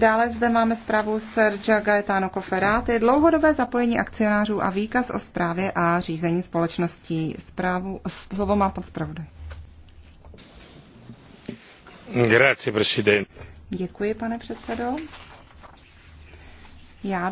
Dále zde máme zprávu Sergia Gaetano Koferáty, dlouhodobé zapojení akcionářů a výkaz o zprávě a řízení společností. Zprávu, slovo má pan zpravodaj. Grazie, Děkuji, pane předsedo. Já